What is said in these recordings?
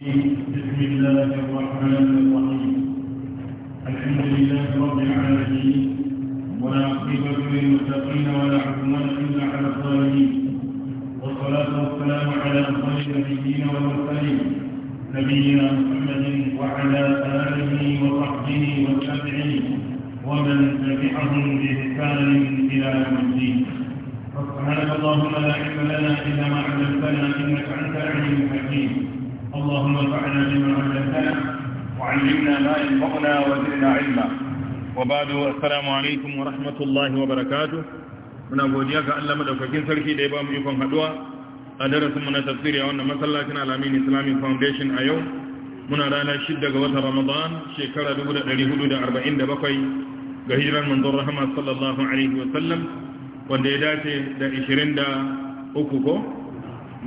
بسم الله الرحمن الرحيم الحمد لله رب العالمين ولا عقبة للمتقين ولا عدوان إلا على الظالمين والصلاة والسلام على أفضل النبيين والمرسلين نبينا محمد وعلى آله وصحبه وتابعيه ومن تبعهم بإحسان إلى يوم الدين سبحانك اللهم لا علم لنا إلا ما علمتنا إنك أنت العليم الحكيم اللهم انفعنا بما علمتنا وعلمنا ما ينفعنا وزدنا علما وبعد السلام عليكم ورحمة الله وبركاته muna godiya ga Allah madaukakin sarki da ya ba mu ikon haduwa a darasin mu na tafsiri a wannan masallacin Alamin Islamic Foundation a yau muna ranar 6 ga watan Ramadan shekara 1447 ga hijirar manzon rahama sallallahu alaihi wa sallam wanda ya dace da 23 ko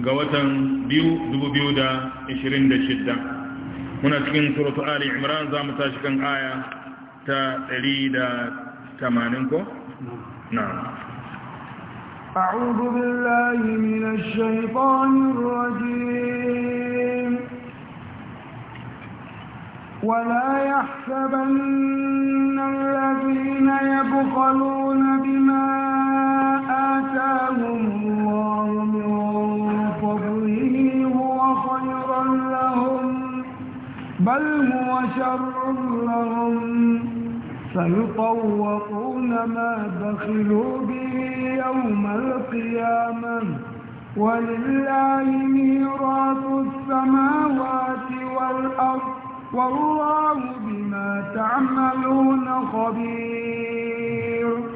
ga watan 2026 muna cikin suratu ali imran za mu tashi kan aya ta 180 تمانينكو نعم أعوذ بالله من الشيطان الرجيم ولا يحسبن الذين يبخلون بما آتاهم بل هو شر لهم سيطوقون ما بخلوا به يوم القيامة ولله ميراث السماوات والأرض والله بما تعملون خبير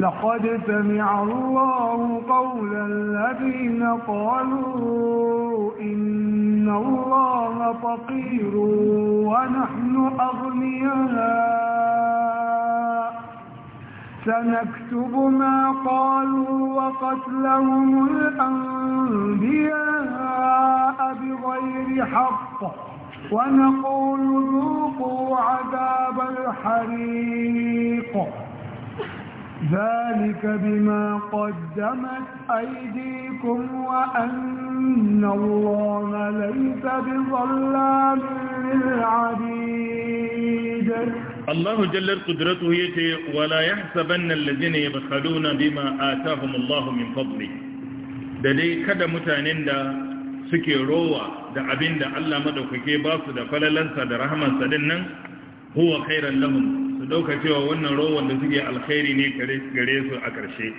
لقد سمع الله قول الذين قالوا إن الله فقير ونحن أغنياء سنكتب ما قالوا وقتلهم الأنبياء بغير حق ونقول ذوقوا عذاب الحريق ذلك بما قدمت أيديكم وأن الله ليس بظلام للعبيد الله جل قدرته يتي ولا يحسبن الذين يبخلون بما آتاهم الله من فضله دلي كده متانين دا سكي روى دا عبين دا الله مدوكي باسو دا فللنسى دا رحمة سدنن هو خيرا لهم ɗauka cewa wannan rowan da suke alkhairi ne gare su a ƙarshe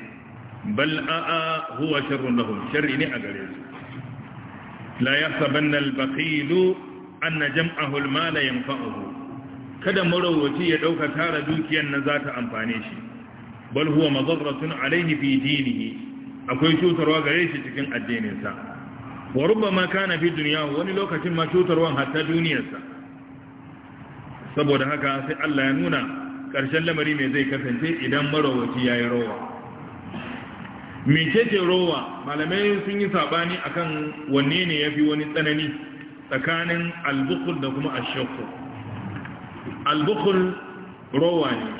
bal a'a huwa sharrun lahum sharri ne a gare su la yahsabanna al-baqilu anna jam'ahu al-mal yanfa'uhu kada marawaci ya ɗauka tara dukiyar nan za ta amfane shi bal huwa madarratun alaihi fi dinihi akwai cutarwa gare shi cikin addininsa wa rubbama kana fi duniya wani lokacin ma cutarwan hatta duniyarsa saboda haka sai Allah ya nuna ƙarshen lamari mai zai kasance idan marawaci ya yi rowa mece ce rowa malamai sun yi saɓani akan wanne ne ya fi wani tsanani tsakanin albukul da kuma ashekul albukul rowa ne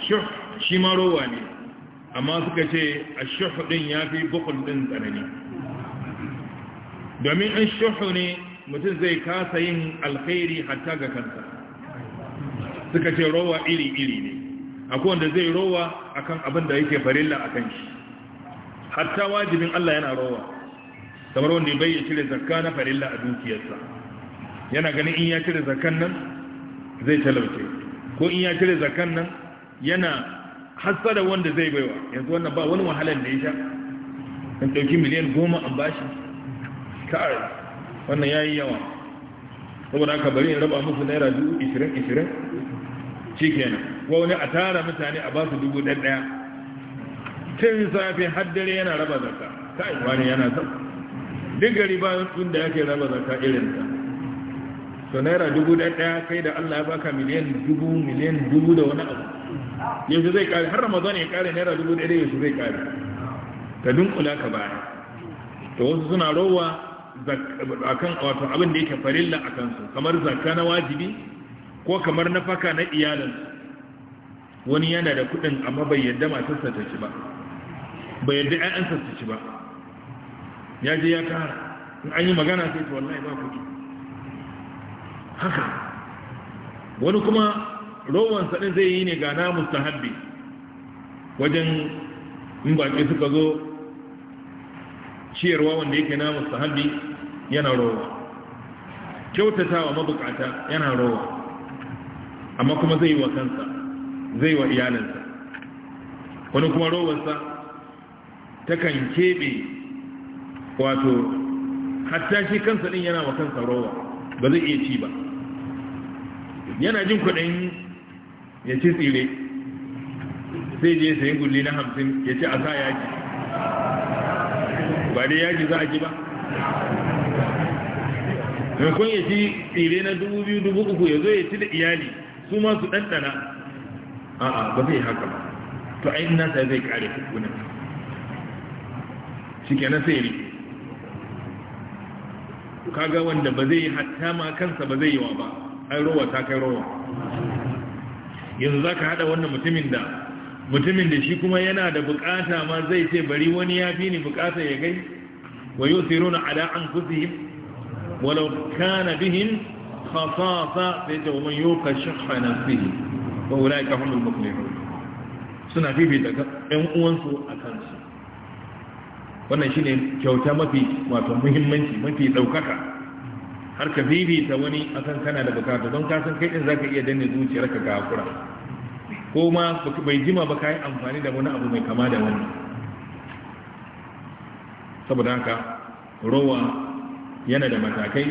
shi ma rowa ne amma suka ce ashekul ɗin ya fi bukul ɗin tsanani domin ashekul ne mutum zai kasa yin alkhairi hatta ga kansa suka ce rowa iri-iri ne akwai wanda zai rowa akan abin da yake farilla a kan shi hatta wajibin Allah yana rowa kamar wanda bai ya cire zakka na farilla a dukiyarsa yana ganin in ya cire zakkan nan zai talauce ko in ya cire zakkan nan yana hassada wanda zai baiwa yanzu wannan ba wani wahalar da ya sha in ɗauki miliyan goma an bashi kare wannan ya yi yawa saboda aka bari in raba musu naira dubu ishirin shi kenan ko wani a tara mutane a ba su dubu ɗaya tun safi har dare yana raba zakka kai wani yana son duk gari ba inda yake raba zakka irin ta to naira dubu ɗaya kai da Allah ya baka miliyan dubu miliyan dubu da wani abu yanzu zai kare har ramadan ya kare naira dubu ɗaya yanzu zai kare ka dunkula ka baya to wasu suna rowa akan wato abin da yake farilla akan su kamar zakka na wajibi ko kamar na faka na iyalin wani yana da kudin amma bai yadda masu sataci ba bai yadda ƴaƴansa su ci ba ya je ya kara in an yi magana sai ta wallahi ba kudi haka wani kuma rowan sadin zai yi ne ga na mustahabbi wajen in baki suka zo ciyarwa wanda yake na mustahabbi yana rowa kyautatawa mabukata yana rowa amma kuma zai wa kansa zai wa iyalinsa wani kuma rowarsa takan keɓe wato hatta shi kansa ɗin yana wa kansa rowa ba zai iya ci ba yana jin kuɗin ya ci tsire sai je sayin gulli na hamsin ya ci a sa yaji ba dai yaji za a ji ba maimakon ya ci tsire na dubu biyu dubu uku ya zo ya ci da iyali su ma su ɗanɗana a'a ba zai haka ba to ainihin nasa zai kare kukunan shi kenan sai Ka kaga wanda ba zai hatta ma kansa ba zai yi wa ba ai rowa ta kai rowa yanzu za ka haɗa wannan mutumin da mutumin da shi kuma yana da bukata ma zai ce bari wani ya fi ni bukata ya gai wa yau siro na ala an kusihim walau kana bihin khasasa sai ta wa yuka shahha nafsihi wa ulaika humul muflihun suna bibita ɗan uwansu a kansu wannan shi ne kyauta mafi wato muhimmanci mafi ɗaukaka har ka bibita wani a kan kana da bukata don ka san kai za ka iya danne zuciyarka ga kura ko ma bai jima ba ka yi amfani da wani abu mai kama da wani. saboda haka rowa yana da matakai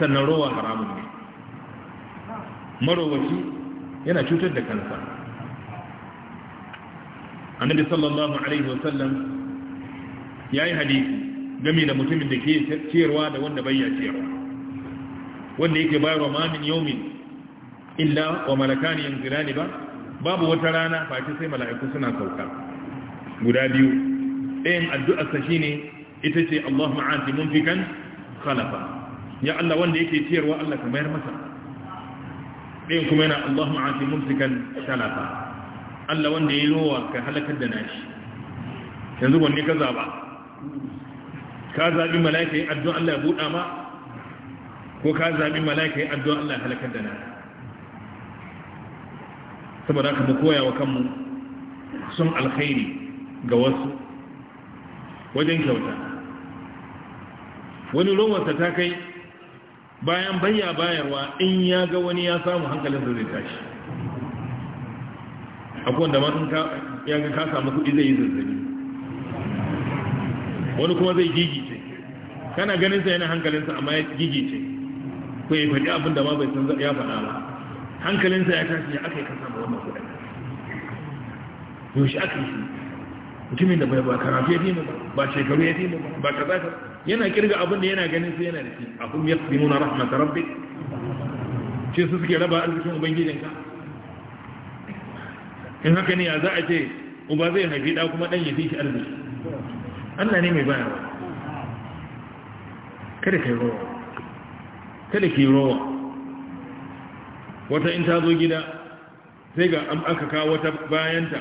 sannan rowa haramun ne marowaci yana cutar da kansa annabi sallallahu alaihi wasallam ya yi hadisi game da mutumin da ke ciyarwa da wanda bayya ciyarwa wanda yake bayarwa mamin yaumin illa wa malakani yanzilani ba babu wata rana face sai mala'iku suna sauka guda biyu ɗayan addu'arsa ne ita ce Allahumma fi kan khalafa ya Allah wanda yake ciyarwa Allah ka mayar masa ɗayan kuma yana Allahun ati mumsikan talafa Allah wanda ya yi rowa ka halakar da nashi yanzu wanne ka zaɓa ka zaɓi mala'ika yi addu'an Allah ya buɗa ma ko ka zaɓi mala'ika yi addu'an Allah ya halakar da nashi saboda haka mu koya wa kanmu sun alkhairi ga wasu wajen kyauta wani rowarsa ta kai bayan bayya bayarwa in ya ga wani ya samu hankalin zai tashi akwai wanda man ya ga ka samu kuɗi zai yi zazzabi wani kuma zai gigice kana ganinsa yana hankalinsa amma ya gigice ko ya faɗi abin da ma bai san ya faɗa ba hankalinsa ya tashi ya aka yi kasa ba wannan kuɗin yaushe aka yi mutumin da bai ba karatu ya fi ba ba shekaru ya fi ba ba za ka. yana kirga abin da yana ganin su yana da shi a kuma yadda muna ta rabbi ce su suke raba arzikin ubangijinka in haka ne ya za a ce uba zai haifi ɗa kuma ɗan ya fi shi arziki allah ne mai bayarwa kada ka yi rowa kada yi rowa wata in ta zo gida sai ga an aka kawo wata bayanta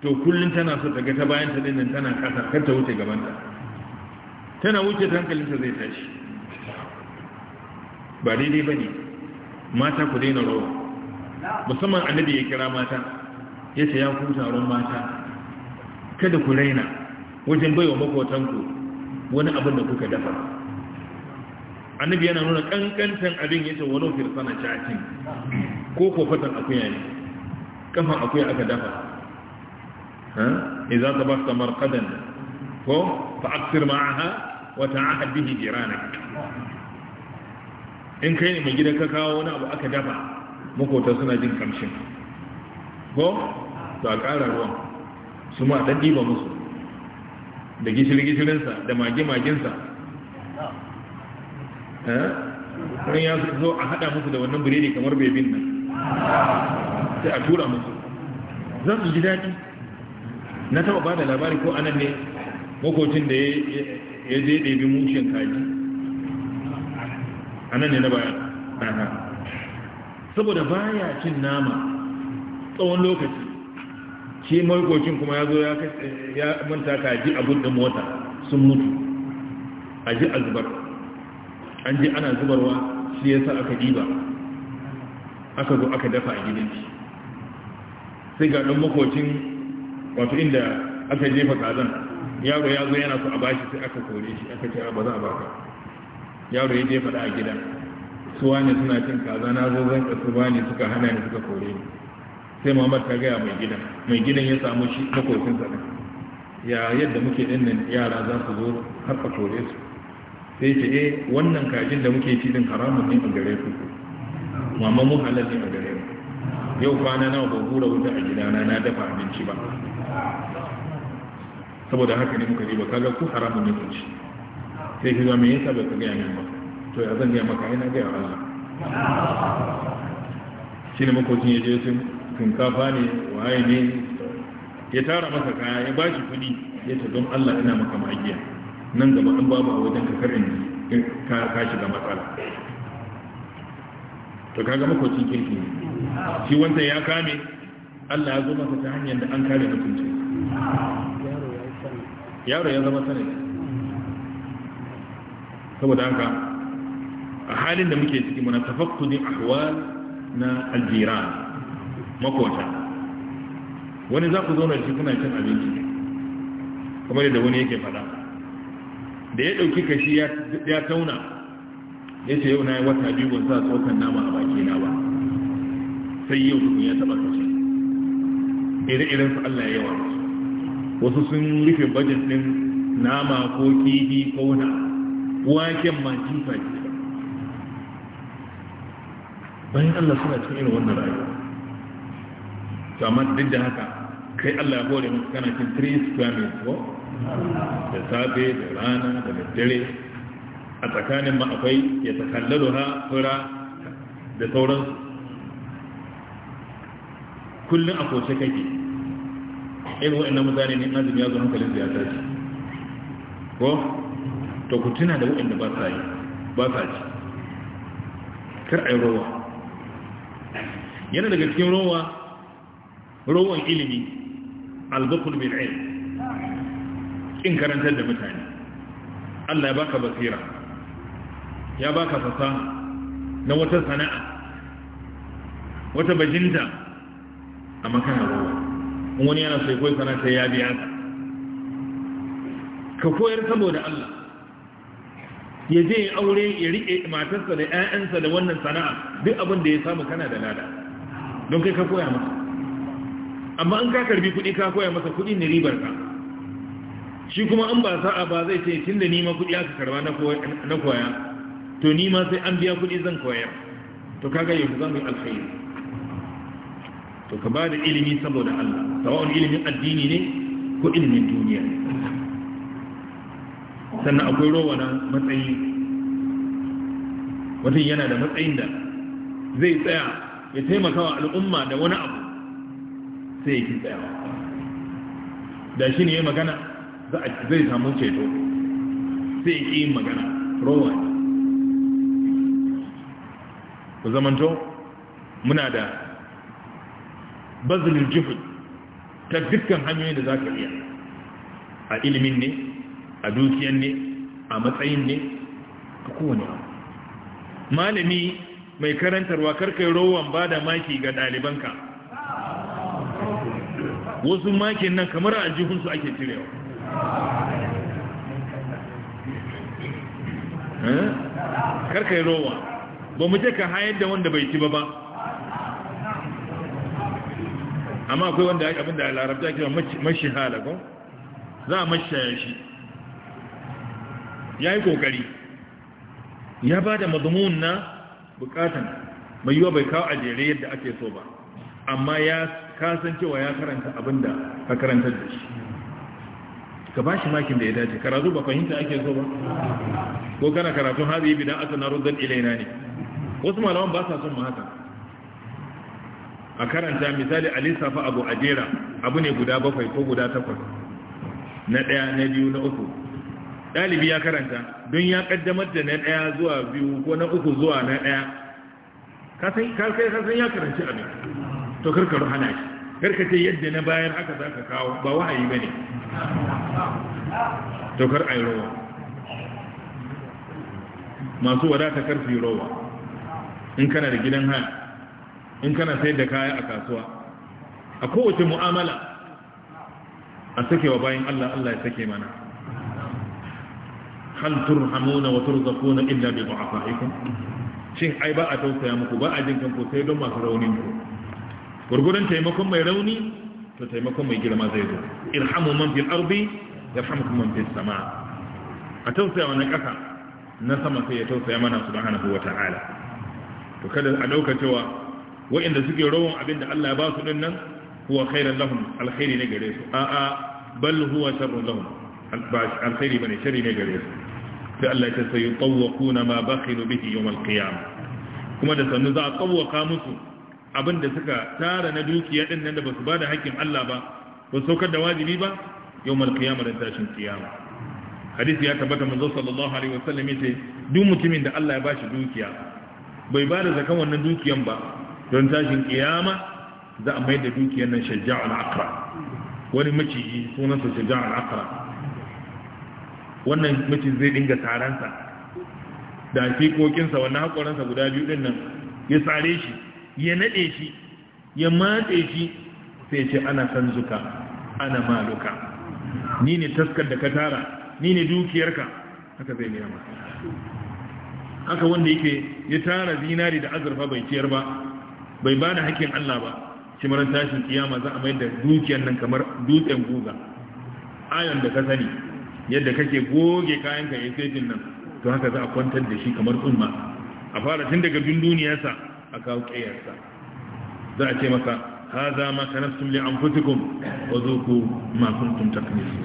to kullum tana so ta ga ta bayanta ɗin tana kasa kar ta wuce gabanta tana wuce hankalinta zai tashi ba daidai ba ne mata ku daina rawa musamman annabi ya kira mata ya ce ya ku ron mata kada ku raina wajen baiwa makotanku wani abin da kuka dafa annabi yana nuna kankantan abin ya ce wani na cacin ko kofatan akuya ne kafan akuya aka dafa ha? iza ta ba su ko fa'aksir ma'aha wata ta'ahad bihi jiranak in kai ne mai gida ka kawo wani abu aka dafa makota suna jin kamshin ko to a ƙara ruwan su ma dan diba musu da gishiri-gishirinsa da mage-magensa ɗan eh? ya zo a haɗa musu da wannan biredi kamar bebin nan sai a tura musu za su ji daɗi na taɓa ba da labari ko anan ne makocin da ya ya je ɗabi mushin kaji a nan ne na baya saboda baya cin nama tsawon lokaci shi markocin kuma ya zo ya manta ka ji abin mota sun mutu a ji a zubar an ji ana zubarwa shi ya sa aka ɗiba aka zo aka dafa a gidanci sai ga ɗan makocin wato inda aka jefa kazan yaro ya zo yana so a bashi sai aka kore shi aka ce ba za a baka yaro ya je faɗa a gida su wani suna cin kaza na zo zan ka su wani suka hana ni suka kore ni sai muhammad ta gaya mai gidan mai gidan ya samu shi makocin sa ya yadda muke din nan yara za su zo har ka kore su sai ce eh wannan kajin da muke ci din haramun ne a gare ku mamman mu halal ne a gare mu yau kwana nawa ba hura wuta a gidana na dafa abinci ba saboda haka ne muka riba kaga ku haramun ne kunci sai ki zama yasa ba ka gaya min ba to ya zan gaya maka ina gaya Allah shi ne makocin ya je sun shinkafa ne waye ne ya tara masa kaya ya ba shi kuɗi ya ce don Allah ina maka magiya nan gaba in babu a wajen ka karin ka shiga matsala to kaga makocin kirki ne shi wanda ya kame Allah ya zo masa ta hanyar da an kare mutunci yaro ya zama sanin. saboda haka a halin da muke ciki muna tafakkudin ahwal na aljiran makota wani za ku zauna shi kuna cin abinci kamar yadda wani yake fada da ya ɗauki kashi ya tauna ya ce yau na yi wata biyu ban sa tsokan nama a baki na ba sai yau tukun ya taɓa kashi ire-irensu Allah ya yawa wasu sun rufe budget din nama ko kifi ko wani waken ma jifa jifa bayan Allah suna cikin irin wannan rayuwa to amma duk da haka kai Allah ya kore maka kana cin three square meters ko da safe da rana da daddare a tsakanin ma akwai ya takallalo ha fura da sauransu kullum a koshe kake irin waɗannan mutane ne azumi ya zo hankalin ya tashi ko to ku tuna da waɗanda ba sa yi ba sa ci kar a yi rowa yana daga cikin rowa rowan ilimi albakul bil ilm kin karantar da mutane Allah ya baka basira ya baka fasaha na wata sana'a wata bajinta a makana rowa wani yana sai koyi sana sai ya biya ka ka koyar saboda Allah ya je aure ya rike matarsa da ƴaƴansa da wannan sana'a duk abin da ya samu kana da lada don kai ka koya masa amma an ka karbi kuɗi ka koya masa kuɗi ne ribar ka shi kuma an ba sa'a ba zai ce tunda ni ma kuɗi aka karba na koya to ni ma sai an biya kuɗi zan koyar to kaga yanzu za yi alkhairi to ka ba da ilimi saboda Allah sawa'un ilimin addini ne ko ilimin duniya sannan akwai rowa na matsayi wata yana da matsayin da zai tsaya ya taimaka wa al'umma da wani abu sai ya ki tsayawa da shi ne ya magana zai samu ceto sai ya ƙi magana rowa ne ku zamanto muna da bazilin jihud ta dukkan hanyoyin da za ka iya a ilimin ne a dukiyan ne a matsayin ne a kowane abu malami mai karantarwa karkai rowan ba da maki ga ɗalibanka wasu makin nan kamar a jihunsu ake cirewa eh? karkai rowa ba mu je ka hayar da wanda bai ci ba ba amma akwai wanda ya abinda a larabta ke mashi halakon za a mashaya shi ya yi kokari ya ba da mazumun na bukatan mai yiwa bai kawo a yadda ake so ba amma ya kasancewa ya karanta abinda ka karantar da shi ka ba shi makin da ya dace karatu ba fahimta ake so ba ko kana karatun hazi bidan aka na rudan ilaina ne wasu malaman ba sa son mu haka a karanta misali a lissafa abu a jera abu ne guda bakwai ko guda takwas na ɗaya na biyu na uku ɗalibi ya karanta don ya ƙaddamar da na ɗaya zuwa biyu ko na uku zuwa na ɗaya kasan ya karanci abin to karkaru hana shi ce yadda na bayar haka za ka kawo ba wahayi ba ne to kar a yi rowa masu wadata karfi rowa in kana da gidan haya in kana sayar da kaya a kasuwa a kowace mu'amala a sakewa bayan Allah Allah ya sake mana hal turhamuna wa turzaquna illa bi du'afaikum shin ai ba a tausaya muku ba a jin kanku sai don masu raunin ku gurgurun taimakon mai rauni to taimakon mai girma zai zo irhamu man fil ardi yarhamukum man fis samaa a tausaya wa na kasa na sama sai ya tausaya mana subhanahu wa ta'ala to kada a dauka cewa wa'inda suke rowan abinda Allah ba su dinnan huwa khairan lahum alkhairi ne gare su a'a bal huwa sharrun lahum alkhairi bane sharri ne gare su sai Allah ya sai yutawquna ma bakhilu bihi yawm alqiyamah kuma da sannu za a tsawwaka musu abinda suka tara na dukiya din nan da basu bada hakkin Allah ba ba su saukar da wajibi ba yawm alqiyamah da tashin kiyama hadisi ya tabbata manzo sallallahu alaihi wasallam yace duk mutumin da Allah ya bashi dukiya bai bada zakan wannan dukiyan ba don tashin kiyama za a mai da dukiyar nan shajja'ul akra wani maciji sunansa shajja'ul akra wannan maciji zai dinga taransa da fikokinsa wannan hakoransa guda biyu din nan ya sare shi ya nade shi ya matse shi sai ce ana san zuka ana maluka ni ne taskar da ka tara ni ne dukiyarka haka zai nema haka wanda yake ya tara zinari da azurfa bai ciyar ba bai ba da hakkin Allah ba shi mara tashin kiyama za a mai da dukiyar nan kamar dutsen guga ayon da ka sani yadda kake goge kayan ka yayin nan to haka za a kwantar da shi kamar tsumma a fara tun daga dun duniyarsa a kawo kiyarsa za a ce maka haza ma ka kanastum li anfusikum wa zuqu ma kuntum taknisun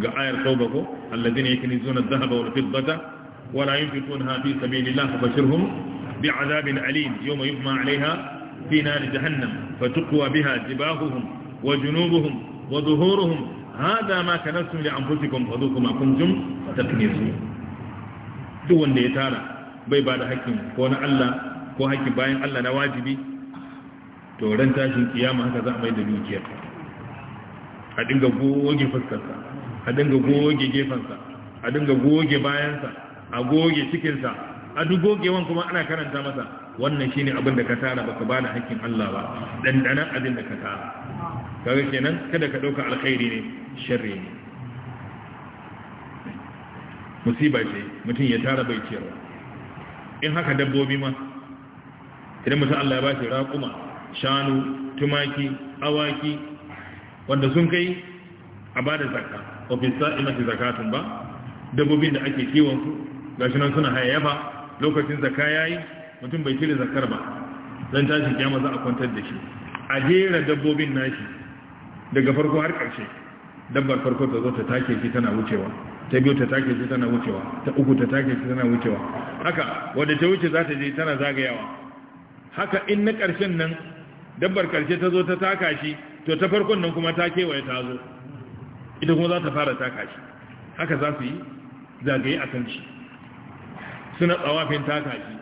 ga ayar tauba ko alladhina yakunizuna adh-dhahaba wal fiddata wala yin yunfiqunha fi sabilillah fabashirhum بعذاب أليم يوم يغمى عليها في نار جهنم فتقوى بها جباههم وجنوبهم وظهورهم هذا ما كنتم لأنفسكم فذوقوا ما كنتم تكنسون duk wanda ya tara bai ba da hakkin ko na Allah ko hakkin bayan Allah na wajibi to ran tashin kiyama haka za a mai da dukiyar a dinga goge fuskarsa a dinga goge a dinga goge bayansa a goge cikinsa a duk gogewan kuma ana karanta masa wannan shine abin da ka tara baka bani hakkin Allah ba dandanan abin da ka tara kaga kenan kada ka dauka alkhairi ne sharri ne musiba ce mutum ya tara bai ciyarwa in haka dabbobi ma idan mutum Allah ya bashi raƙuma shanu tumaki awaki wanda sun kai a bada zakka ofisa ina zakatun ba dabbobin da ake kiwon su gashi nan suna hayayyafa lokacin zaka yayi mutum bai cire zakar ba dan tashi kiyama za a kwantar da shi a jera dabbobin nashi daga farko har ƙarshe dabbar farko ta zo ta take shi tana wucewa ta biyu ta take shi tana wucewa ta uku ta take shi tana wucewa haka wadda ta wuce za ta je tana zagayawa haka in na ƙarshen nan dabbar ƙarshe ta zo ta taka shi to ta farkon nan kuma ta kewaye ta zo ita kuma za ta fara taka shi haka za su yi zagaye a kan shi suna tsawafin taka shi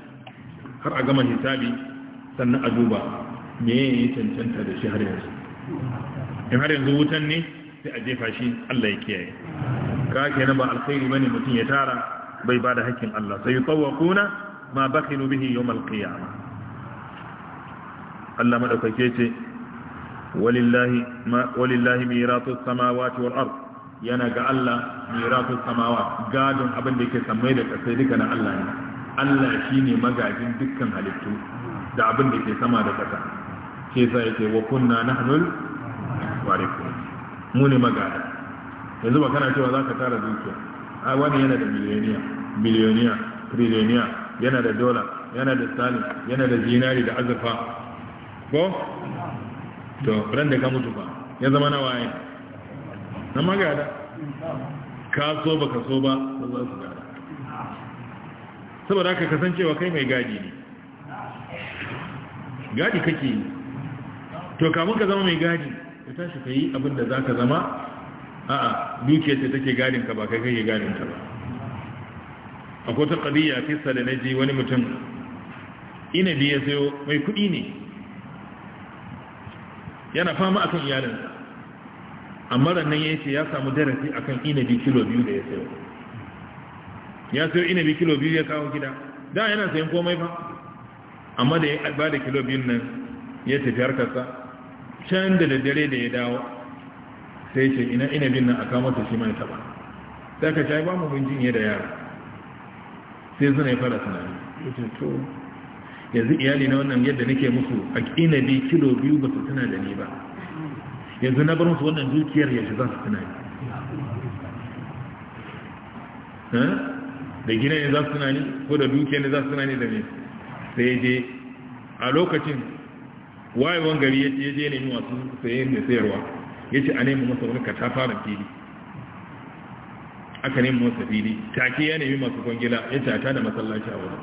har a gama hisabi sannan a duba me ya cancanta da shi har yanzu in har yanzu wutan ne sai a jefa shi Allah ya kiyaye ka kenan ba alkhairi bane mutum ya tara bai ba da hakkin Allah sai yutawquna ma bakhilu bihi yawm alqiyama Allah madaukake ce walillahi ma walillahi miratu samawati wal ardh yana ga Allah miratu samawa gadon abin da yake samai da kasai duka na Allah ne Allah shine magajin dukkan halittu da abin da yake sama da kasa ke sa yake wa kunna nahnul warithun mu ne magada yanzu ba kana cewa zaka tara dukiya a wani yana da miliyoniya miliyoniya triliyoniya yana da dola yana da stalin yana da zinari da azurfa ko to ran da ka mutu ba ya zama na waye na magada ka so ba ka so ba za su gada saboda ka kasancewa kai mai gadi ne gadi kake yi to kamun ka zama mai gadi ka tashi ka yi abinda za ka zama a'a dukiyar ta take gadin ka ba kai kake gadin ka ba A kota ƙadiyya fisa da na ji wani mutum inabi ya sayo mai kuɗi ne yana fama akan iyalinsa amma rannan ya ce ya samu darasi akan inabi kilo biyu da ya sayo ya sayo inabi kilo biyu ya kawo gida da yana sayan komai ba amma da ya ba da kilo biyun nan ya tafi harkarsa can da dare da ya dawo sai ce ina inabin nan a kama su shi mai taba sai ka shayi ba mu mun jin da yara sai suna ya fara tunani to yanzu iyali na wannan yadda nake musu a inabi kilo biyu ba su tuna da ni ba yanzu na bar musu wannan dukiyar yanzu za su tunani da gina ne za su tunani ko da dukiyar ne za su tunani da ne sai je a lokacin wayewan gari ya je nemi masu sayen da sayarwa ya ce a nemi masa wani katafaren fili aka nemi masa fili take ya nemi masu kwangila ya tata da masallaci a wani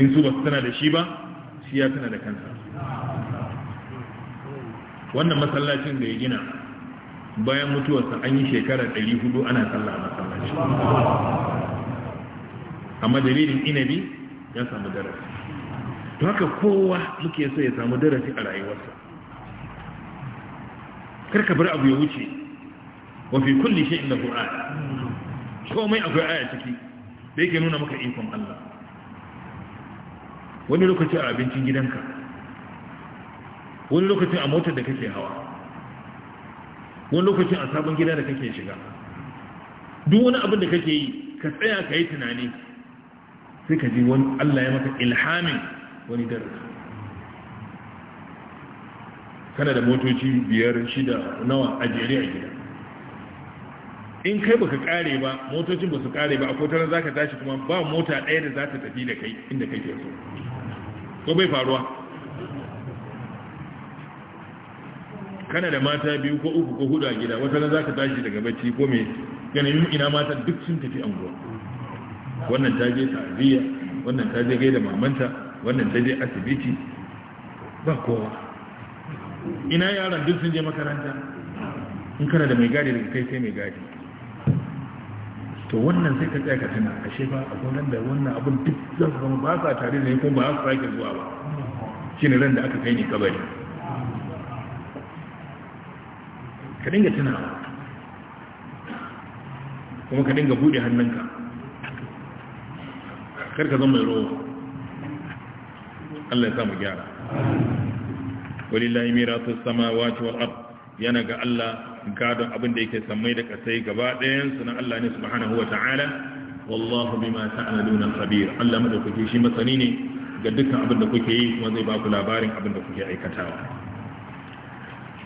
in su ba su tana da shi ba shi ya tana da kansa wannan masallacin da ya gina bayan mutuwarsa an yi shekara 400 ana sallah a masallaci amma dalilin inabi ya samu darasi to haka kowa muke so ya samu darasi a rayuwarsa karka bar abu ya wuce wa fi kulli shi inda ayat komai akwai aya ciki da yake nuna maka ikon Allah wani lokaci a abincin gidanka wani lokacin a motar da kake hawa wani lokacin a sabon gida da kake shiga duk wani abin da kake yi ka tsaya ka yi tunani sai ka ji wani Allah ya maka ilhamin wani darasi kana da motoci biyar shida nawa a jere a gida in kai ba ka kare ba motocin ba su kare ba a kotar za ka tashi kuma ba mota ɗaya da za ta tafi da kai inda kake so ko bai faruwa kana da mata biyu ko uku ko hudu a gida wata za ka tashi daga bacci ko me ganin ina mata duk sun tafi anguwa wannan ta je ta'aziyya, wannan ta je gaida mamanta wannan ta je asibiti ba kowa ina yaran duk sun je makaranta in kana da mai gadi daga kai sai mai gadi to wannan sai ka tsaya ka tana ashe ba a gonan da wannan abun duk zan zama ba sa tare da ne kuma ba za su sake zuwa ba ne ran da aka kai ni kabari ka dinga tunawa kuma ka dinga buɗe hannunka karka zan mai rowa Allah ya samu gyara walillahi mirasu samawati wal ard yana ga Allah gadon abin da yake samai da kasai gaba ɗayan na Allah ne subhanahu wa ta'ala wallahu bima ta'maluna khabir Allah madaukake shi masani ne ga dukkan abin da kuke yi kuma zai ba ku labarin abin da kuke aikatawa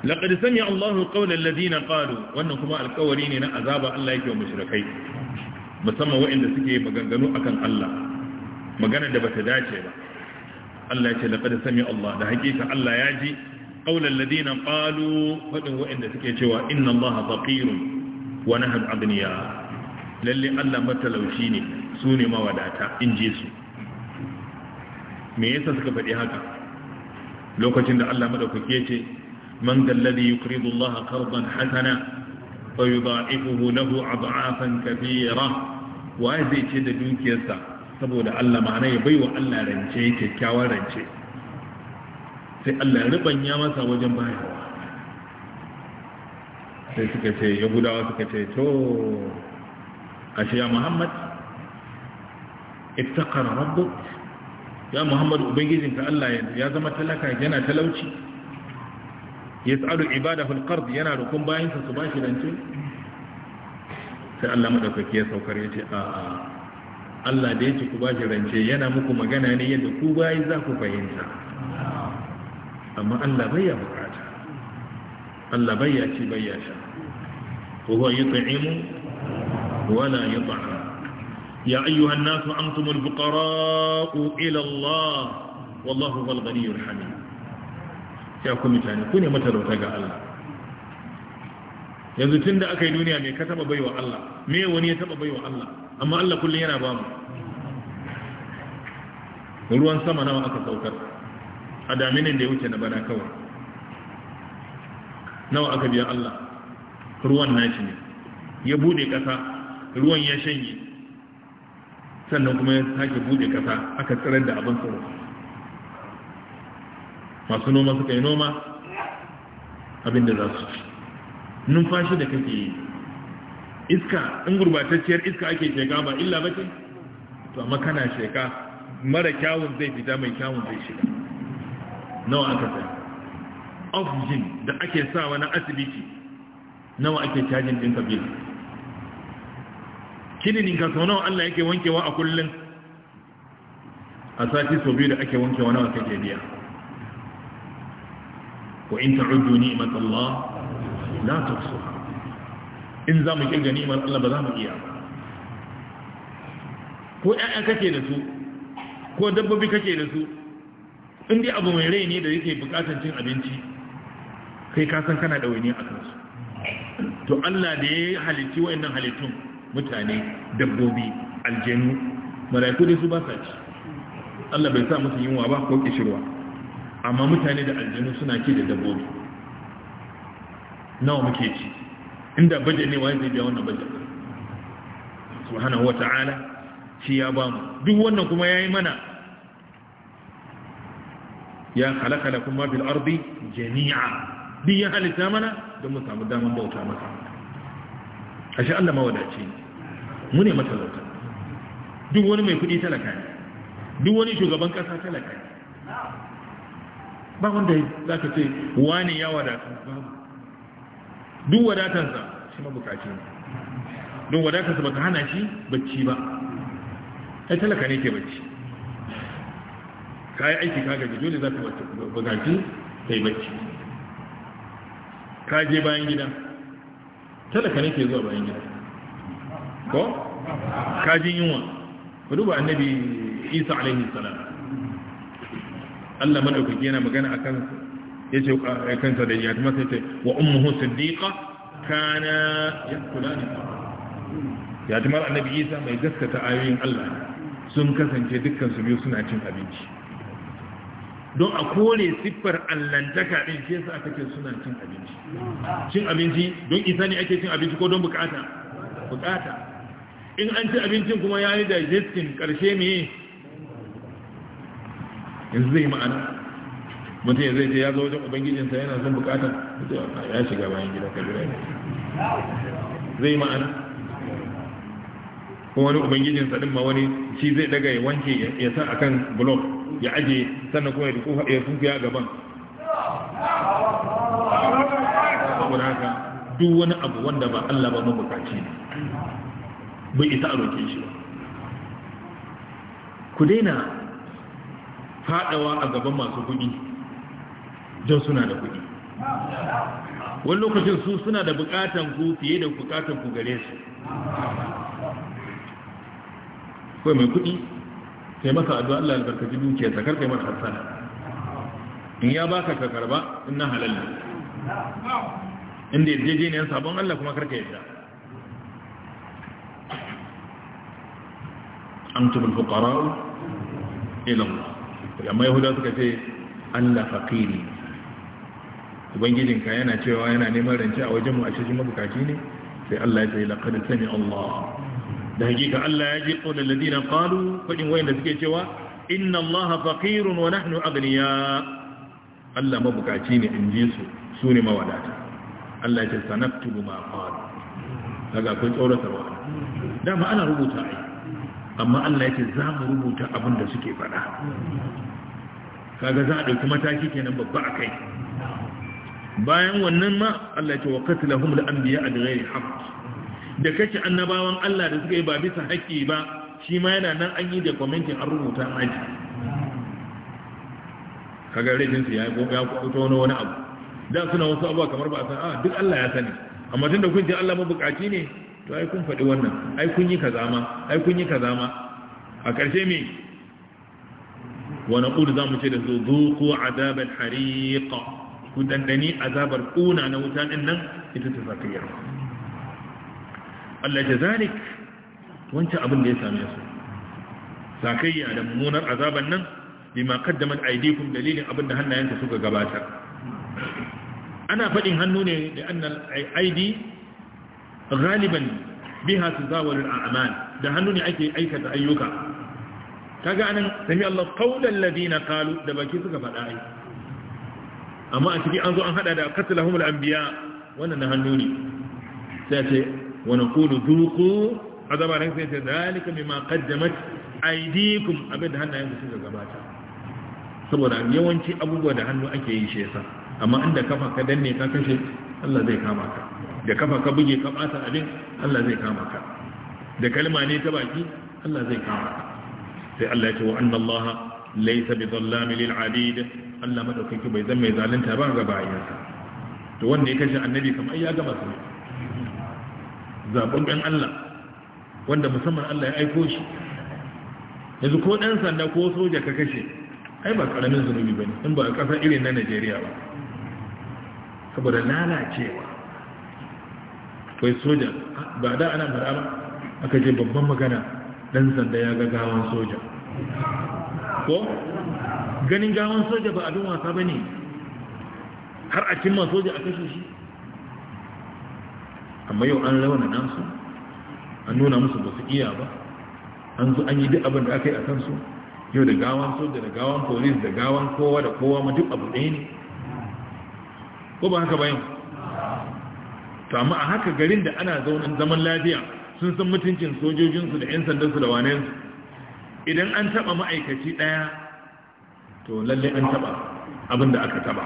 laqad sami'a Allahu ƙaunar alladhina qalu wannan kuma alƙawari ne na azaba Allah yake wa mushrikai musamman waɗanda suke maganganu akan Allah magana da bata dace ba Allah ya ce laqad sami'a Allah da hakika Allah ya ji ƙaunar alladhina qalu waɗanda waɗanda suke cewa inna Allaha faqirun wa nahnu aghniya lalle Allah matalauci ne su ne mawadata in ji su me yasa suka faɗi haka lokacin da Allah madaukake ce من ذا الذي يقرض الله قرضا حسنا فيضاعفه له أضعافا كثيرة وهذه شيء دوك يسا saboda Allah ya rance kyakkyawar rance sai Allah ribanya masa wajen bayarwa sai suka ce yahudawa suka ce to ashe ya Muhammad ittaqara rabbuk ya Muhammad ubangijinka Allah ya zama talaka yana talauci yas'alu ibadahu al-qard yana rukun bayin sa su bashi rance sai Allah madaukaki ya saukar yace a a Allah da yake ku bashi rance yana muku magana ne yadda ku bayi za ku fahimta amma Allah bai ya bukata Allah bai ya ci bai ya sha wa huwa yut'imu wa la yut'am ya ayyuhan nasu antumul fuqara'u ila Allah wallahu huwal ghaniyyul hamid ya ku mutane ku ne matalauta ga Allah yanzu tun da aka yi duniya mai ka taba baiwa Allah me wani ya taba baiwa Allah amma Allah kullum yana ba mu ruwan sama nawa aka saukar a daminin da ya wuce na bana kawai nawa aka biya Allah ruwan nashi ne ya bude kasa ruwan ya shanye sannan kuma ya sake bude kasa aka tsirar da abin tsoro masu noma suka yi noma abinda za su ci numfashi da kake yi iska in gurbatacciyar iska ake sheka ba illa ba ce to amma kana sheka mara kyawun zai fita mai kyawun zai shiga nawa aka sai oxygen da ake sa wani asibiti nawa ake cajin ɗin kabila kilinin ka sau nawa Allah yake wankewa a kullum a sati sau biyu da ake wankewa nawa kake biya وإن تعدوا نعمة الله لا تحصوها إن زامي كيغا نعمة الله بزامي إياه ko ‘ya'ya kake da su ko dabbobi kake da su in dai abu mai rai ne da yake bukatar cin abinci kai ka san kana da wani a kansu to Allah da ya halitti wa'annan halittun mutane dabbobi aljanu mala'iku da su ba sa ci Allah bai sa musu yunwa ba ko kishirwa amma mutane da aljanu suna ke da dabbobi nawa muke ci inda baje ne wani zai biya wannan baje subhanahu wata'ala shi ya bamu duk wannan kuma yayi mana ya khalaqa lakum ma fil ardi jami'a bi ya halitta mana don mu samu daman bauta maka ashe Allah wadace mu ne matalauta duk wani mai kudi talaka ne duk wani shugaban kasa talaka ne ba wanda za ka ce wani ya wadatu duk wadatansa shi mabukaci ne don wadatansa ba ka hana shi bacci ba ai talaka ne ke bacci ka yi aiki ka gaji dole za ka bukaci ta yi bacci ka je bayan gida talaka ne ke zuwa bayan gida ko ka ji yunwa ba duba annabi isa alaihi salam Allah madaukaki yana magana a kansa akan yace kansa da yatima sai ce wa ummuhu siddiqa kana yakulani mara annabi Isa mai gaskata ayoyin Allah sun kasance dukkan su biyu suna cin abinci don a kore siffar allantaka din ke sa aka ce suna cin abinci cin abinci don isa ne ake cin abinci ko don bukata bukata in an ci abincin kuma ya yi digestion karshe meye yanzu zai ma'ana mutum ya zai ce ya zo wajen ubangijinsa yana zan bukata ya shiga bayan gida kabila ne zai ma'ana kuma wani ubangijinsa din ma wani shi zai daga ya wanke ya sa akan blok ya aje sannan kuma ya kuka ya gaban duk wani abu wanda ba Allah ba mabukaci ne bai isa a roƙe shi ba ku daina fadawa a gaban masu kuɗi don suna da kuɗi wani lokacin su suna da bukatan ku fiye da bukatan ku gare su kawai mai kuɗi sai maka addu'a Allah albarkaci dukiya ta kai mara hassana in ya baka ka karba in na halal inda yajeje ne sabon Allah kuma karka yadda antum al-fuqara ila amma yahuda suka ce allah faƙiri ubangijinka yana cewa yana neman rance a wajen mu a cikin mabukaci ne sai allah ya ce laqad sani allah da hakika allah ya ji qawlan ladina qalu fadin wayanda suke cewa inna allah faqirun wa nahnu aghniya allah mabukaci ne in ji su su ne mawadata allah ya ce sanaktubu ma qalu daga akwai tsoratarwa dama ana rubuta ai amma Allah ya ce za mu rubuta abin da suke faɗa kaga za a ɗauki mataki kenan babba a kai bayan wannan ma Allah ya ce wa qatlahum al-anbiya bi haqq da kace annabawan Allah da suka yi ba bisa haƙƙi ba shi ma yana nan an yi da commenting an rubuta aji kaga rajin su ya ya wani wani abu da suna wasu abuwa kamar ba a san a duk Allah ya sani amma tunda kun ji Allah mabukaci ne to ai kun faɗi wannan ai kun yi kaza ma ai kun yi kaza ma a ƙarshe me wa za zamu ce da su zuqu adabal hariq ku dandani azabar ƙuna na wuta din nan ita ta zakiya Allah ya zalik wancan abin da ya same su sakayya da mummunar azaban nan bima I.D aydikum dalilin abin da hannayenka suka gabata ana faɗin hannu ne da annal aidi galiban biha tuzawalul a'mal da hannu ne ake aikata ayyuka kaga anan sami Allah qaulal ladina da baki suka faɗa ai amma a cikin an zo an haɗa da qatlahumul anbiya wannan na hannu ne sai ce wa naqulu dhuqu azaba ran sai ce zalika bima qaddamat aydikum abin da hannayen ku suka gabata saboda yawanci abubuwa da hannu ake yi shesa. amma inda kafa ka danne ka kashe Allah zai kama ka da kafa ka buge ka bata abin Allah zai kama ka da kalma ne ta baki Allah zai kama ka sai Allah ya ce wa anna Allah laysa bi dhallamin lil abid Allah madaukaki bai zama mai zalunta ba ga bayansa to wanda ya kashe annabi kamar ya gama su zababben Allah wanda musamman Allah ya aiko shi yanzu ko dan sanda ko soja ka kashe ai ba karamin zunubi bane in ba a kasar irin na Najeriya ba saboda lalacewa kai soja ba da ana fara ba aka je babban magana dan sanda ya ga gawan soja ko ganin gawan soja ba abin wasa ba ne har a cimma soja a kashe shi amma yau an rauna nasu an nuna musu ba su iya ba an zo an yi duk abin da aka yi a kansu yau da gawan soja da gawan polis da gawan kowa da kowa ma duk abu ɗaya ne ko ba haka bayan to amma a haka garin da ana zaunin zaman lafiya sun san mutuncin sojojinsu da 'yan sandansu da wanensu idan an taba ma'aikaci daya to lalle an taba abin da aka taba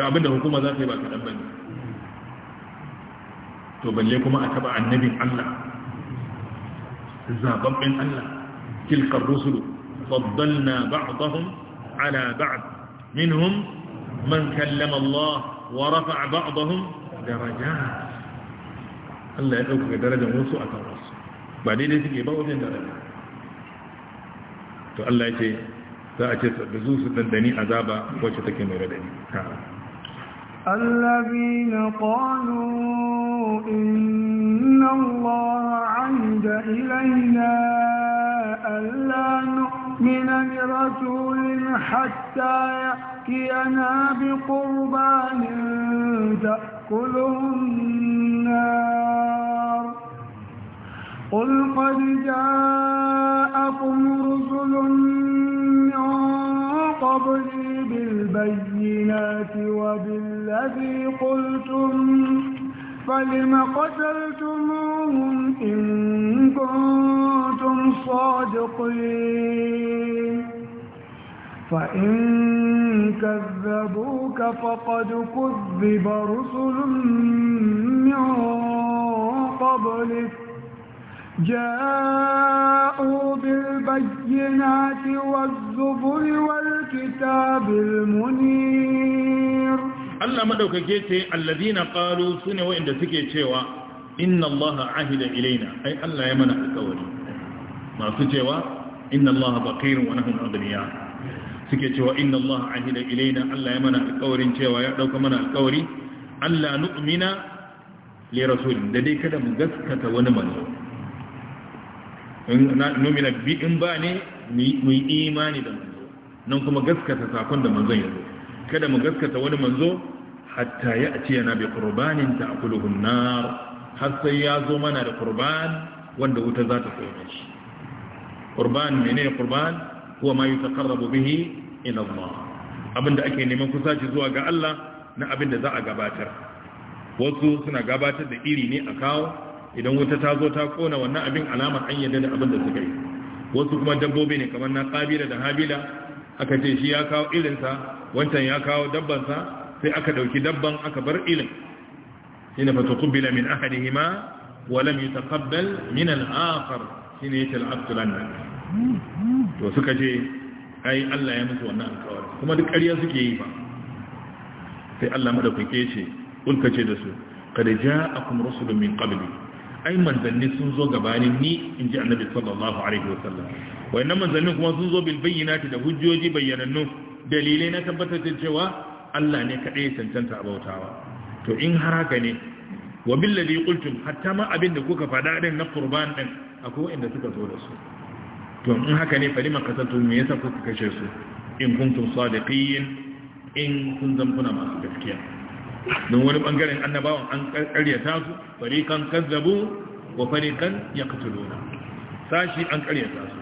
to abin da hukuma za ta yi ba kaɗan ba ne to balle kuma a taba annabin Allah zababben Allah tilkar rusulu faddalna ba'dahum ala ba'd minhum من كلم الله ورفع بعضهم درجات الله يدعوك بدرجة موسوعة الرسول بعدين يبقى بوضين درجة فألا يتبع سأجس بزوس الدني عذابا وشتك مردني الذين قالوا إن الله عند إلينا ألا نؤمن برسول حتى يأتي تأتينا بقربان تأكله النار قل قد جاءكم رسل من قبلي بالبينات وبالذي قلتم فلم قتلتموهم إن كنتم صادقين فإن كذبوك فقد كذب رسل من قبلك جاءوا بالبينات والزبر والكتاب المنير الله مدوك كيتي الذين قالوا سنة وإن دسكي تشيوا إن الله عهد إلينا أي الله يمنح الكوري ما سنة إن الله بقير ونحن أغنياء suke cewa inna Allah ahida ilaina Allah ya mana alƙawarin cewa ya ɗauka mana alƙawari Allah nu'mina li rasul da dai kada mu gaskata wani manzo in nu'mina bi in ba ne mu yi imani da manzo nan kuma gaskata sakon da manzon yazo kada mu gaskata wani manzo hatta ya ci yana bi qurbanin ta an-nar har sai ya zo mana da qurban wanda wuta za ta koya shi qurban menene qurban wa ma yutaqarrabu bihi ila Allah abinda ake neman kusaci zuwa ga Allah na abinda za a gabatar wasu suna gabatar da iri ne a kawo idan wuta ta zo ta kona wannan abin alamar an yadda da abinda suka yi wasu kuma dabbobi ne kamar na kabila da habila aka ce shi ya kawo irinsa wancan ya kawo dabbansa sai aka ɗauki dabban aka bar ilin shine fa kubbila min ahadihima wa lam yutaqabbal min al-akhar shine yake al to suka ce ai Allah ya musu wannan alkawari kuma duk ƙarya suke yi ba sai Allah madaukake ce ulka ce da su kada ja'akum rasulun min qabli ai manzanni sun zo gabanin ni in ji annabi sallallahu alaihi wasallam wayannan manzanni kuma sun zo bil bayyinati da hujjoji bayyanannu dalilai na tabbatar da cewa Allah ne kaɗai ya cancanta abautawa to in har haka ne wa billadhi qultum hatta ma abin da kuka faɗa din na qurban din akwai wanda suka zo da su to in haka ne falima kasatu me yasa kuka kashe su in kuntum sadiqin in kun zan kuna masu gaskiya don wani bangaren annabawan an karyata su farikan kazzabu wa farikan yaqtuluna sashi an karyata su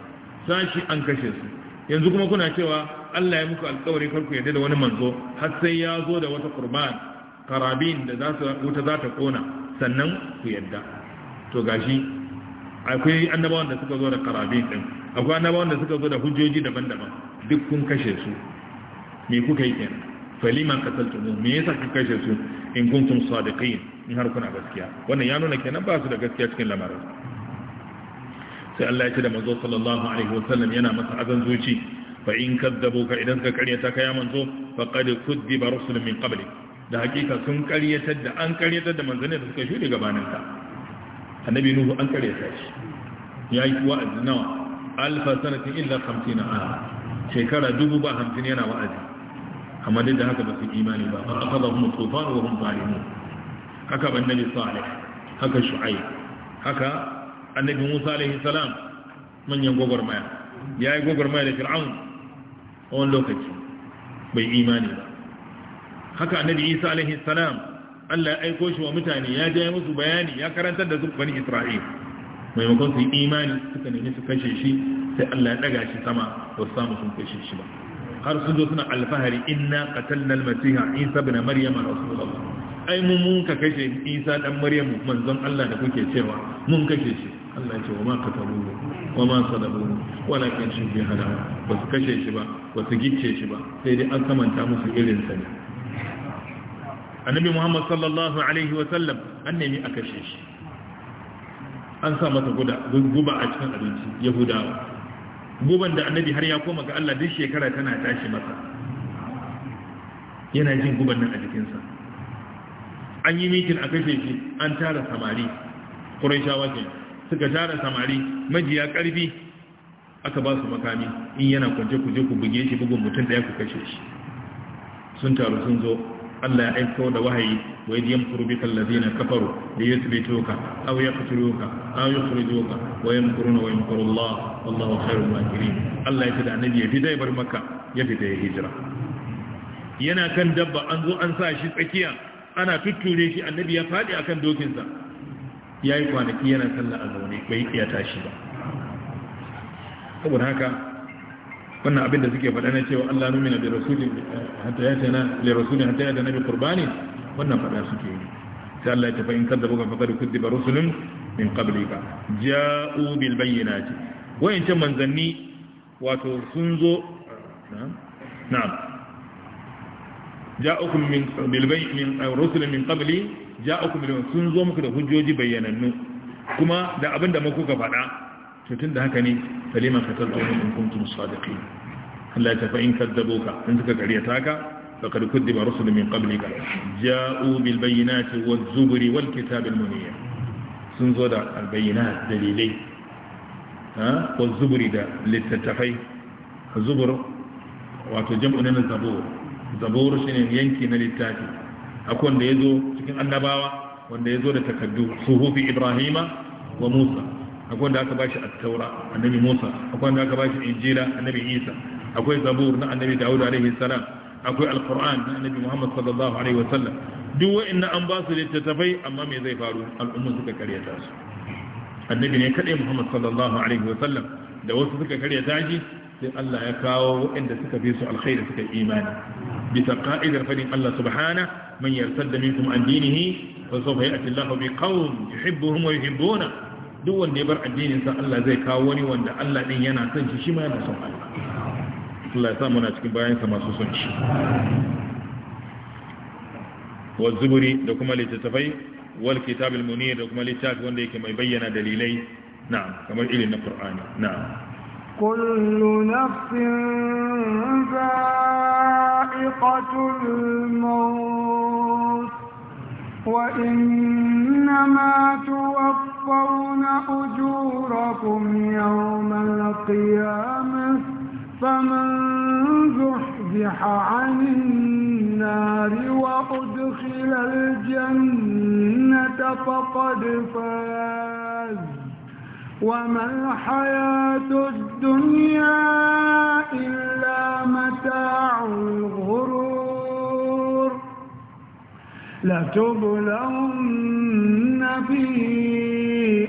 sashi an kashe su yanzu kuma kuna cewa Allah ya muku alƙawari karku yadda da wani manzo har sai ya zo da wata qurban karabin da za su wuta za ta kona sannan ku yadda to gashi akwai annabawan da suka zo da karabin din akwai annaba wanda suka zo da hujjoji daban-daban duk kun kashe su me kuka yi kenan falima qataltum me yasa kuka kashe su in kuntum sadiqin in har kuna gaskiya wannan ya nuna kenan ba su da gaskiya cikin lamarin sai Allah ya ce da manzo sallallahu alaihi wasallam yana masa azan zuci fa in kadzabuka idan suka karyata ka ya manzo faqad kudiba rusulun min qablik da hakika sun karyatar da an karyatar da manzanni da suka shuɗe gabaninka annabi nuhu an karyata shi ya yi wa'azi nawa alfa sanatin illa 50 a shekara dubu ba hamsin yana wa'azi amma duk da haka ba su imani ba fa kuma tufan wa hum zalimun haka nabi salih haka shu'aib haka annabi musa alaihi salam manyan ya yayi gwagwarmaya da fir'aun a wani lokaci bai imani ba haka annabi isa alaihi salam Allah ya aiko shi wa mutane ya je musu bayani ya karantar da su bani isra'ila maimakon su yi imani suka nemi su kashe shi sai Allah ya daga shi sama ba su samu sun kashe shi ba har sun zo suna alfahari inna qatalna al-masiha isa ibn maryam rasulullah ai mun mun ka kashe isa dan maryam manzon Allah da kuke cewa mun kashe shi Allah ya ce wa ma qataluhu wa ma sadabuhu walakin shubiha lahu ba su kashe shi ba ba su gicce shi ba sai dai an kamanta musu irin sa ne annabi muhammad sallallahu alaihi wa sallam an nemi a kashe shi an sa masa guba a cikin abinci yahudawa guban da annabi har ya koma ga Allah duk shekara tana tashi masa yana jin guban nan a jikinsa an yi mitin a kashe shi an tara samari ƙurashawa ke suka tara samari majiya ƙarfi aka ba su makami in yana kwance je ku buge shi bugun mutum ɗaya ku kashe shi sun taru sun zo Allah ya aiko da wahayi wa idh yamkuru bika alladhina kafaru li yuthbituka aw yaqtuluka aw yukhrijuka wa yamkuruna wa yamkuru Allah wa khairul makirin Allah ya fi da annabi ya fita ya bar maka ya da ya hijira yana kan dabba an zo an sa shi tsakiya ana tutture shi annabi ya a akan dokinsa yayi kwanaki yana sallah a zaune bai iya tashi ba saboda haka wannan abin da suke faɗa na cewa Allah numina da rasulin hatta ya tana li rasulin hatta ya tana bi qurbani wannan faɗa suke yi sai Allah ya tafi in kadzabuka faqad kudiba rusulun min qablika ja'u bil bayyinati wayancan manzanni wato sun zo na'am ja'ukum min bil bayyin min rusulin min qabli ja'ukum bil sun zo muku da hujjoji bayyanannu kuma da abin da muka faɗa to tun da haka ne فلما قتلتم إن كنتم صادقين لا فإن كذبوك إن كريتاك فقد كذب رسل من قبلك جاءوا بالبينات والزبر والكتاب المنير سنزود البينات دليلي ها والزبر ده للتتفي الزبر وتجمعنا الزبور زبور شنين ينكينا للتاتي أكون ده يزو شكين النباوة وان ده يزو لتكدو صهوف إبراهيم وموسى akwai wanda aka bashi at-taura annabi Musa akwai wanda aka bashi injila annabi Isa akwai zabur na annabi Dawud alaihi salam akwai al na annabi Muhammad sallallahu alaihi wasallam duk wa'annan an ba su littattafai amma me zai faru al'umma suka karyata su annabi ne kadai Muhammad sallallahu alaihi wasallam da wasu suka karyata shi sai Allah ya kawo waɗanda suka fi su alkhairi suka imani bisa ka'idar fadin Allah subhana man yartadda minkum an dinihi fa sawfa ya'ti Allahu bi qawmin yuhibbuhum wa yuhibbuna duk wanda ya bar addinin sa Allah zai kawo wani wanda Allah ɗin yana son shi shi ma yana son Allah Allah ya sa muna cikin bayan sa masu son shi wa zuburi da kuma littattafai wal kitabil munir da kuma littafi wanda yake mai bayyana dalilai na'am kamar ilimin Qur'ani na'am كل نفس ذائقة الموت وإنما توفون أجوركم يوم القيامة فمن زحزح عن النار وأدخل الجنة فقد فاز وما الحياة الدنيا إلا متاع الغرور لتبلغن في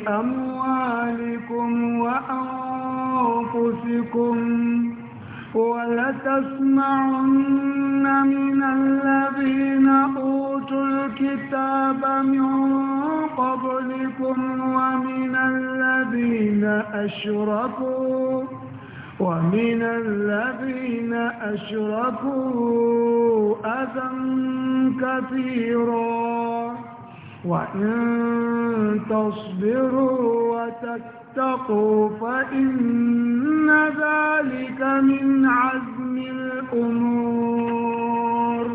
أموالكم وأنفسكم ولتسمعن من الذين أوتوا الكتاب من قبلكم ومن الذين أشركوا ومن الذين أشركوا أذى كثيرا وإن تصبروا وتتقوا فإن ذلك من عزم الأمور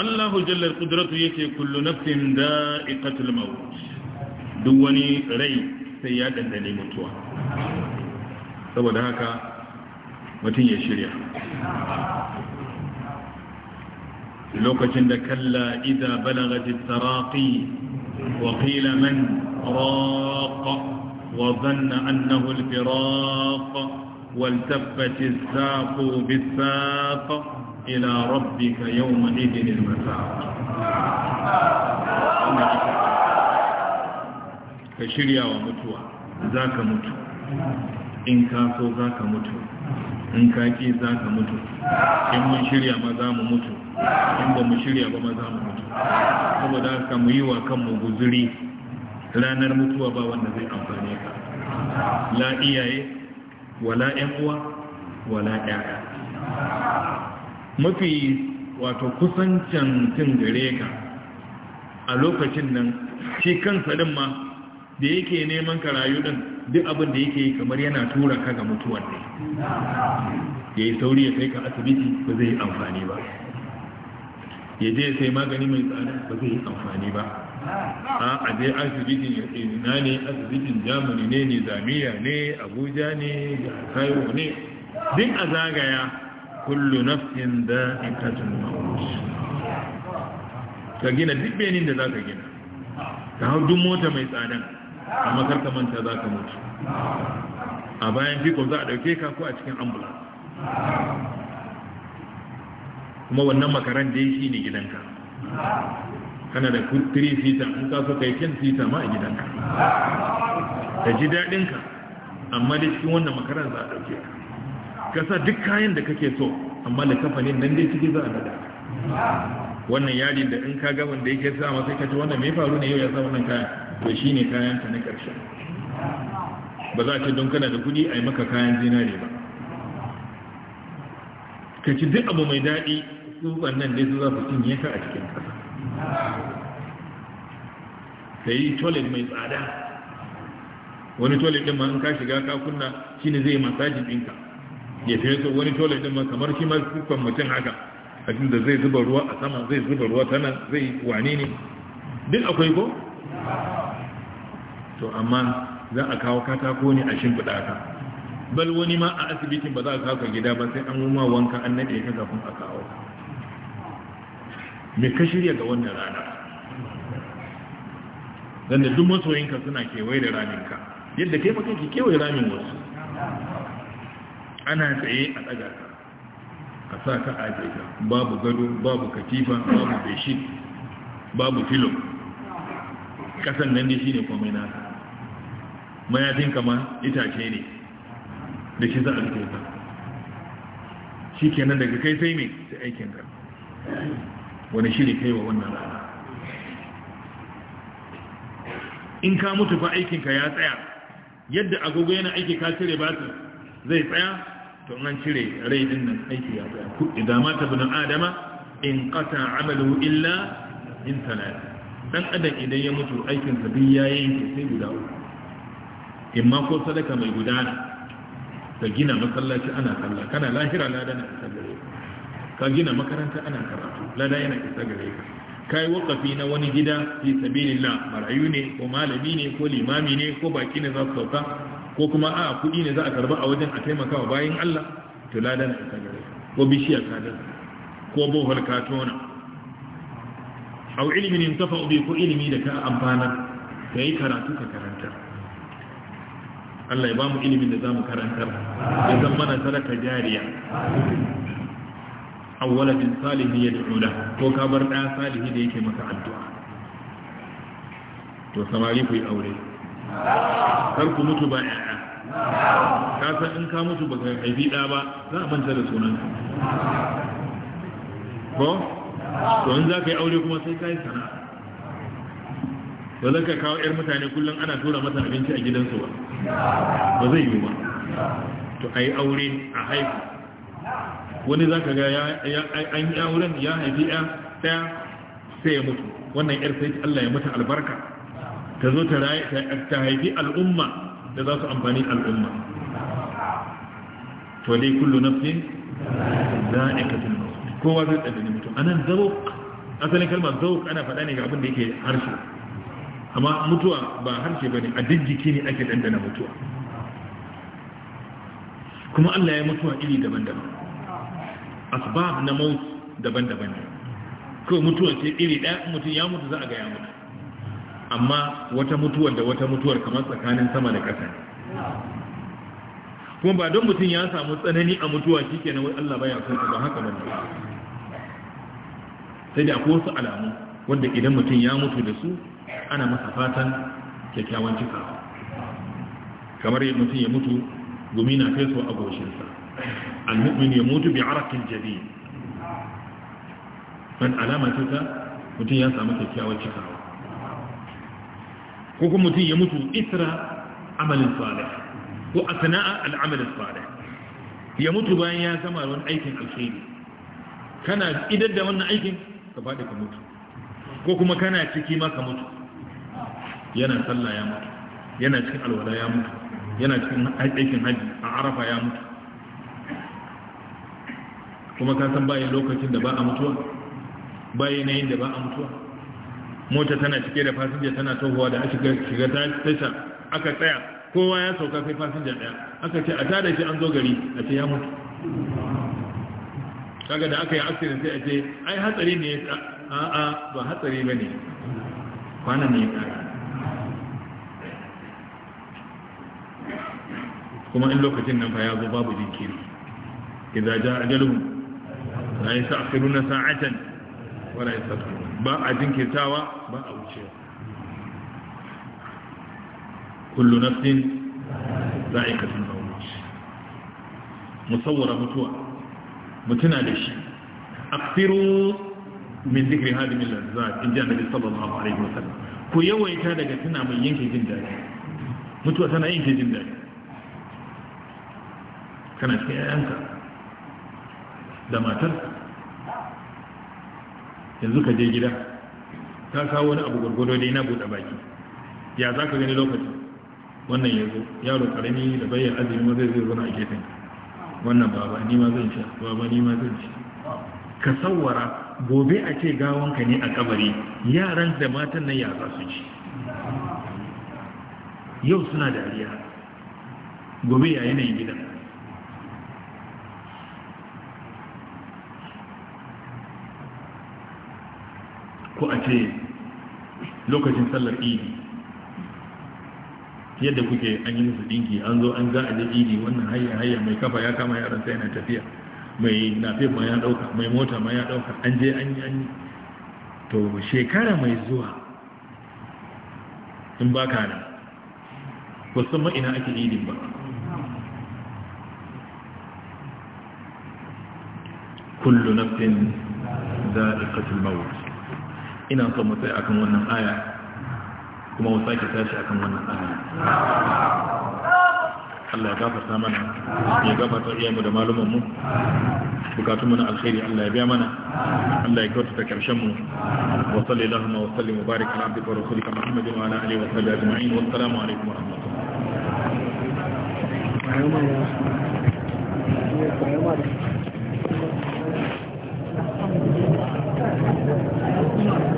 الله جل القدرة يكي كل نفس دائقة الموت دوني ري سيادة لمتوى saboda mutum ya shirya lokacin da kalla idza balagati taraqi wa qila man raqa wa dhanna annahu al-firaq wal والتفت الساق بالساق إلى ربك يومئذ المساق ka shirya wa mutuwa zaka mutu in ka so zaka mutu in ka ki za ka mutu in mun shirya ma za mu mutu in ba mu shirya ba ma za mu mutu saboda haka mu yi wa kanmu guzuri ranar mutuwa ba wanda zai amfane ka la iyaye wala ƴan uwa wala ƴaƴa mafi wato kusancin tun gare ka a lokacin nan shi kansa din ma da yake neman ka rayu din duk abin da yake yi kamar yana tura ka ga mutuwar ne ya yi sauri ya kai ka asibiti ba zai yi amfani ba ya je sai magani mai tsada ba zai yi amfani ba a aje asibitin ya na ne asibitin jamani ne nizamiya ne abuja ne kayo ne din a zagaya kullu nafsin da ikatun mawut ka gina duk benin da za ka gina ka hau duk mota mai tsadan amma kar ka manta za ka mutu a bayan fiko za a ɗauke ka ko a cikin ambulans kuma wannan makaran da ya shi ne gidanka kana da 3 sita in ka so kai kyan sita ma a gidanka ka ji daɗinka amma da cikin wannan makaran za a ɗauke ka kasa duk kayan da kake so amma da kafanin nan dai ciki za a nada wannan yari da in ka gaban da yake sa masai kace wannan mai faru ne yau ya sa wannan kayan to shi ne kayanta na ƙarshe ba za ce don kana da kuɗi a yi maka kayan zinare ba ka ci duk abu mai daɗi tsufan nan da su za su cinye ka a cikin ƙasa ka yi toilet mai tsada wani toilet ɗin ma in ka shiga ka kunna shi ne zai yi masajin ɗinka ya feso wani toilet ɗin ma kamar shi ma tsufan mutum haka cikin da zai zuba ruwa a sama zai zuba ruwa ta nan zai wane ne duk akwai ko? to amma za a kawo katako ne a shimfiɗa ka bal wani ma a asibitin ba za a kawo gida ba sai an ma wanka an naɗe ka kafin a kawo me ka shirya ga wannan rana dan da duk masoyinka suna kewaye da raminka yadda kai maka ke kewaye ramin wasu ana tsaye a ɗaga ka a sa ka aje ka babu gado babu katifa babu beshit babu filo kasan nan ne shine komai naka mayafin kama itace ne da shi za a rufe ka shi kenan daga kai sai mai aikin aikinka wani shiri kai wa wannan rana in ka mutu fa aikinka ya tsaya yadda agogo yana aiki ka cire su zai tsaya to an cire rai din nan aiki ya tsaya idan mata bin adama in qata amalu illa in dan adam idan ya mutu aikinsa duk yayin sai guda uku imma ko sadaka mai gudana ka gina masallaci ana kalla. kana lahira lada na isa gare ka gina makaranta ana karatu lada yana isa gare ka kai wakafi na wani gida fi sabilillah marayu ne ko malami ne ko limami ne ko baki ne za su sauka ko kuma a kuɗi ne za a karba a wajen a taimakawa bayan Allah to lada na isa gare ka ko bishiya ka da ko bohol ka tona au ilimin intafa bi ko ilimi da ka amfana kai karatu ka karanta Allah ya ba mu ilimin da za mu karantar ya zan mana sadaka jariya awwala bin salihi ya da'ula ko ka bar ɗaya salihi da yake maka addu'a to samari ku yi aure kar ku mutu ba 'ya'ya. ka san in ka mutu baka haifi ɗa ba za a manta da sunanka ko to in za ka yi aure kuma sai ka yi sana'a ba zan ka kawo 'yar mutane kullum ana tura masa abinci a gidansu ba ba zai yi ba to a yi aure a haifu wani za ka ga an yi auren ya haifi ya ɗaya sai ya mutu wannan 'yar sai Allah ya mutu albarka ta zo ta haifi al'umma da za su amfani al'umma to dai kullum na kullu nafsin za'ikatul maut kowa zai tsadani mutu anan zawq asalin kalmar zawq ana faɗa ne ga abin da yake harshe amma mutuwa ba harshe ba ne a duk jiki ne ake dandana mutuwa kuma Allah ya mutuwa iri daban-daban asbab na maut daban-daban ne kawai mutuwa ce iri ɗaya mutum ya mutu za a ga ya mutu amma wata mutuwar da wata mutuwar kamar tsakanin sama da ƙasa kuma ba don mutum ya samu tsanani a mutuwa shi ke wai Allah baya kusa ba haka ba sai da akwai wasu alamu wanda idan mutum ya mutu da su ana masa fatan kyakkyawan cikawa kamar yadda mutum ya mutu gumi na kai su a goshinsa al-mu'min ya mutu bi arakin jabi wani alama ce ta mutum ya samu kyakkyawan cikawa ko kuma mutum ya mutu isra amalin tsada ko a sana'a al'amalin tsada ya mutu bayan ya zama wani aikin alkhairi kana idan da wannan aikin ka faɗi ka mutu ko kuma kana ciki ma ka mutu yana sallah ya mutu yana cikin alwala ya mutu yana cikin aikin haji a arafa ya mutu kuma ka san bayan lokacin da ba a mutuwa bayan yayin da ba a mutuwa mota tana cike da fasinja tana tohuwa da aka shiga tasha aka tsaya kowa ya sauka sai fasinja daya aka ce a tada shi an zo gari a ce ya mutu kaga da aka yi accident sai a ce ai hatsari ne ya a a ba hatsari bane kwanan ne ya kara kuma in lokacin nan fa ya zo babu jinkiri idza jaa ajaluhum la yasta'khiruna sa'atan wa la yastaqdimun ba a jinkirtawa ba a wucewa kullu nafsin za'iqatul maut musawwara mutuwa mutuna da shi akfiru min zikri hadhihi al-lazzat in ji annabi sallallahu alaihi wasallam ku yawaita daga tuna mai yanke jin dadi mutuwa tana yanke jin dadi kana cikin yayanka da matar yanzu ka je gida ta kawo wani abu gwargwado dai na buɗe baki ya za ka gani lokaci wannan ya zo yaro karami da bayan azumi ma zai zo a gefen wannan baba ni ma zan sha baba ni ma zan ci ka sawara gobe a ce gawonka ne a kabari yaran da matan nan ya za su ci yau suna dariya gobe ya yanayin gidan ko a ce lokacin sallar idi yadda kuke an yi musu dinki an zo an za a je idi wannan hayya hayya mai kafa ya kama yaran sai yana tafiya mai nafe ma ya dauka mai mota ma ya dauka an je an yi an yi to shekara mai zuwa in ba ka nan ba san ma ina ake idin ba kullu nafsin za'iqatul maut ina so mu sai akan wannan aya kuma mu sake tashi akan wannan aya Allah ya gafarta mana ya gafarta iyayenmu da mu bukatu mana alkhairi Allah ya biya mana Allah ya kyautata karshen mu wa sallallahu wa sallim wa baraka ala abdika wa rasulika Muhammadin wa ala alihi wa sahbihi ajma'in wa assalamu alaikum wa rahmatullahi Thank you.